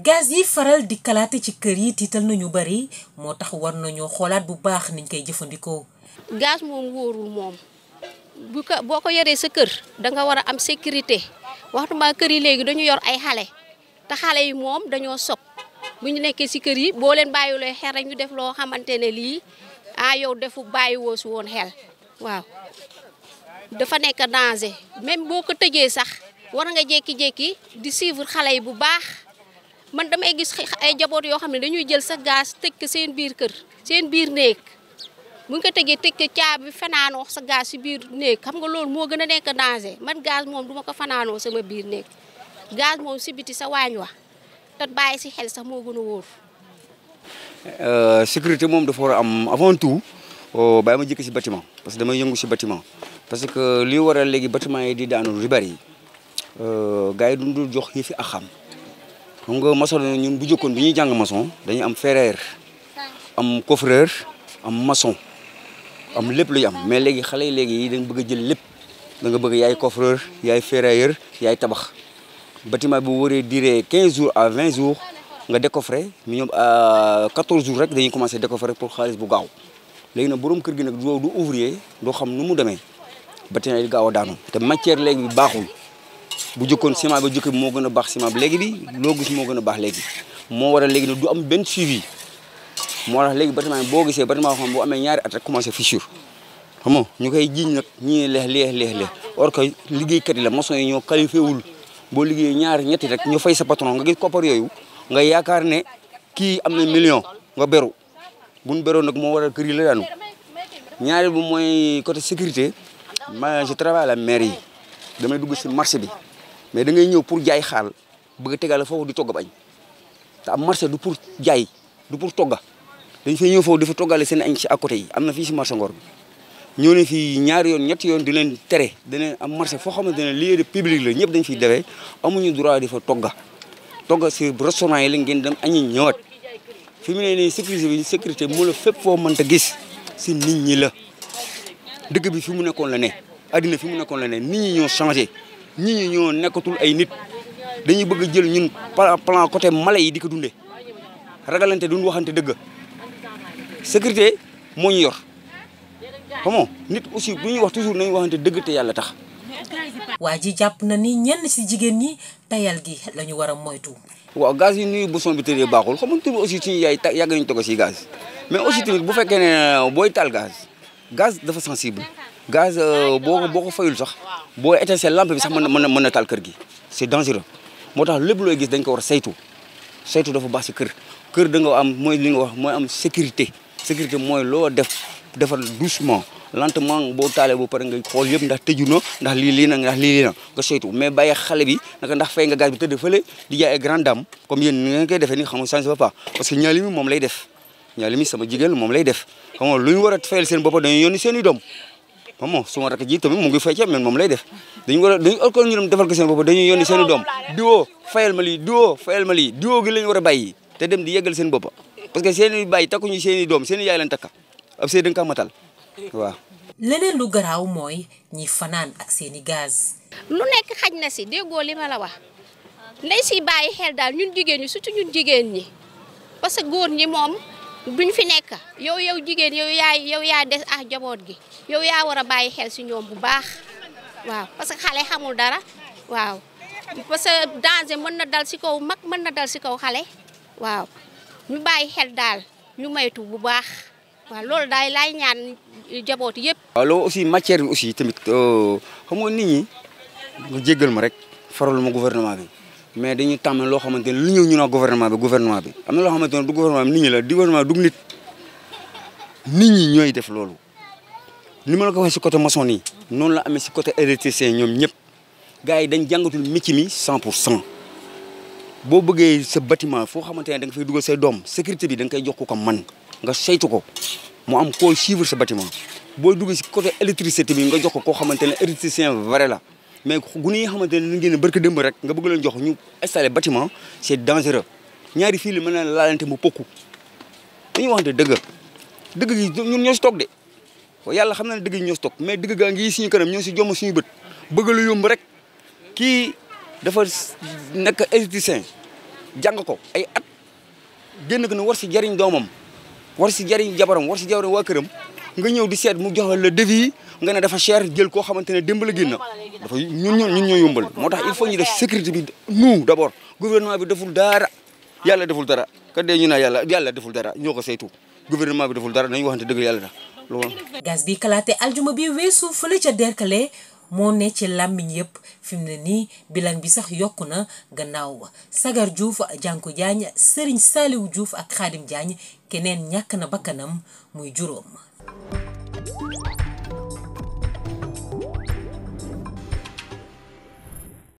gaz yi faral di kalaate ci kër yi tiital nañu bari moo tax war nañoo xoolaat bu baax niñ koy jëfandikoo. gaz moom wóorul moom ko boo ko yoree sa kër da nga war a am sécurité waxtuma kër yi léegi dañu yor ay xale te xale yi moom dañoo sob bu ñu nekkee ci kër yi boo leen bàyyiwulee xel rek ñu def loo xamante ne lii ah yow defu bàyyiwoo si woon xel waaw. dafa nekk danger même boo ko tëjee sax war nga jékki-jékki di suivre xale yi bu baax man damay gis ay jaboot yoo xam ne dañuy jël sa gaz tëj ko seen biir kër seen biir néeg bu ko tëjee tëj ko caabi fanaanoo sa gaz si biir néeg xam nga loolu moo gën a nekk danger man gaz moom duma ko fanaanoo sama biir néeg gaz moom si biti sa waañ wa te bàyyi si xel sax moo gën a wóor. Euh, sécurité moom dafa war am avant tout euh, bàyyi ma jëkk si bâtiment parce que yëngu si bâtiment. parce que li waral léegi bâtiment yi di daanu lu bari euh, gars yi dundul jox yi fi a xam xam nga ñun bu jëkkoon bi ñuy jàng maçon dañuy am ferreur am coffreur am maçon am lépp luy am mais léegi xale yi léegi dañ bëgg a jël lëpp da nga bëgg yaay coffreur yaay ferrailleur yaay tabax bâtiment bu waree duré 15 jours à 20 jours nga décoffrer mi ñoom 14 euh, jours rek dañuy commencé décoffrer pour xaalis bu gaaw léegi nag boroom kër gi nag du ouvrier doo xam nu mu demee ba tey gaaw a daanu te matière léegi bi baaxul bu jëkkoon ciment ba jëkk bi moo gën a baax ciment bi léegi bi loo gis moo gën a baax léegi moo waral léegi ne du am si suivi moo tax léegi bâtiment boo gisee bâtiment xam boo amee ñaari at rek commencé fissure ñu koy jiiñ nag ñii leex leex leex leex or que liggéeykat yi la maçon yi ñoo qualifié wul boo liggéeyee ñaari ñetti rek ñu fay sa patron nga gis yooyu nga yaakaar ne kii am na million nga beru buñ beroo nag moo waral kër yi la daanu ñaari bu mooy côté sécurité ma je travaille à la mairie damay dugg si marché bi mais dangay ñëw pour jaay xaal bëgg a tegal foofu di togg añ te a marché du pour jaay du pour togga dañ fay ñëw foofu dafa toggale seen añ si côté yi am na si marché Ngor bi ñoo fii ñaari yoon ñetti yoon di leen tere dina am marché foo xamante ne lieu de public la ñëpp dañ fiy defee amuñu droit di fa togga togga si restaurant yi lañ ngeen dem añi ñëwaat fi mu ne nii sécurité bi sécurité moo la fépp foo mënta gis si nit ñi la dëgg bi fi mu nekkoon la ne addina fi mu nekkoon la ne nit ñoo changé nit ñi ñoo nekkatul ay nit dañuy bëgg jël ñun plan côté mala yi di ko dundee ragalante duñ waxante dëgg sécurité moo ñu yor xam nit aussi bu ñuy wax toujours nañu waxante dëgg te yàlla tax. waa ji jàpp na ni ñenn si jigéen ñi tayal gi la ñu war a moytu. waaw gaz yi nuyu boson bi tëree baaxul xam nga tamit aussi suñu yaay yàgg nañu toog si gaz mais aussi tamit bu fekkee ne booy taal gaz gaz dafa sensible. Euh, gaz boo ko fayul sax boo étincelle lampe bi sax mën na mën na mën na taal kër gi c'est dangereux moo tax lépp loo gis dañ ko war a saytu saytu dafa baax si kër kër da nga am mooy li nga wax mooy am sécurité sécurité mooy loo def defar doucement lentement boo taalee bu pare ngay xool yëpp ndax tëju na ndax lii lii na na nga saytu mais bàyyi xale bi naka ndax fay nga gaz bi tëdd fële di jaay ay grande dame comme yéen ni ngeen koy defee ni xam nga ça parce que ñaali mi moom war a fayal seen bopp dañuy yónni moom moom suma rakk ji mu ngi fecce men moom lay def dañu war a dañu alkool ñu dem defal ko seen bopp dañuy yónni seen doom diwoo fayal ma lii diwoo fayal ma gi la war a bàyyi te dem di yeggal seen bopp parce que seen i bàyyi takkuñu seen doom seen i yaay lañ takka ab sey da nga matal waaw leneen lu garaaw mooy ñi fanaan ak seeni gaas gaz lu nekk xaj na si déggoo li ma la wax nday si bàyyi xel daal ñun jigéen ñi surtout ñun jigéen ñi parce que góor ñi moom duñ fi nekk yow yow jigéen yow yaa yow yaa des ah jaboot gi yow yaa war a bàyyi xel si ñoom bu baax waaw parce que xale xamul dara waaw parce que danger mën na dal si kaw mag mën na dal si kaw xale waaw ñu bàyyi xel daal ñu maytu bu baax waaw loolu daal laay ñaan jaboot yëpp. waaw aussi matière bi aussi tamit euh, xam nga nit ñi nga jéggal ma rek faral ma gouvernement bi. mais dañu tàmm loo xamante ne lu ñëw ñu noo gouvernement bi gouvernement bi am na loo xamante ne du gouvernement bi nit ñi la du nit nit ñi ñooy def loolu ni ma la ko si côté maçon yi noonu la amee si côté électricien ñoom ñëpp gars yi dañ jàngatul métier mi cent pour cent boo bëggee sa batiment foo xamante ne da nga fay dugal say doom sécurité bi danga koy jox ko ko man nga saytu ko mu am koo suivre sa bâtiment boo dugg si côté électricité bi nga jox ko koo xamante ne électricien vrai la mais gune yi nga xamante ne dañu génn barke démb rek nga bëgg leen jox ñu installé bâtiment c' est dangereux ñaari fii la mën na laalante mu pokku dañuy waxante dëgg dëgg gi ñun ñoo si toog de yàlla xam na dëgg yi ñoo toog mais dëgg gaa ngi suñu kanam ñoo si jomm suñu bët bëgg lu yomb rek kii dafa nekk électricien jàng ko ay at génn ko ne war si jariñ doomam war si jariñ jabaram war si jabaram waa këram nga ñëw di seet mu jox la devis nga ne dafa cher jël koo xamante ne démb la génn dafa ñun ñoo ñun ñoo moo tax il faut ñu def sécurité bi nous d' abord gouvernement bi deful dara yàlla deful dara kat dee ñu naa yàlla yàlla deful dara ñoo ko saytu gouvernement bi deful dara nañu waxante dëgg yàlla loolu. gaz bi kalaate aljuma bi weesu fële ca Derklé moo ne ci làmmiñ yëpp fi mu ne nii bilan bi sax yokk na gannaaw ba Sagar Diouf Janko Diagne Serigne Saliou Diouf ak Khadim Diagne keneen ñàkk na bakkanam muy juróom.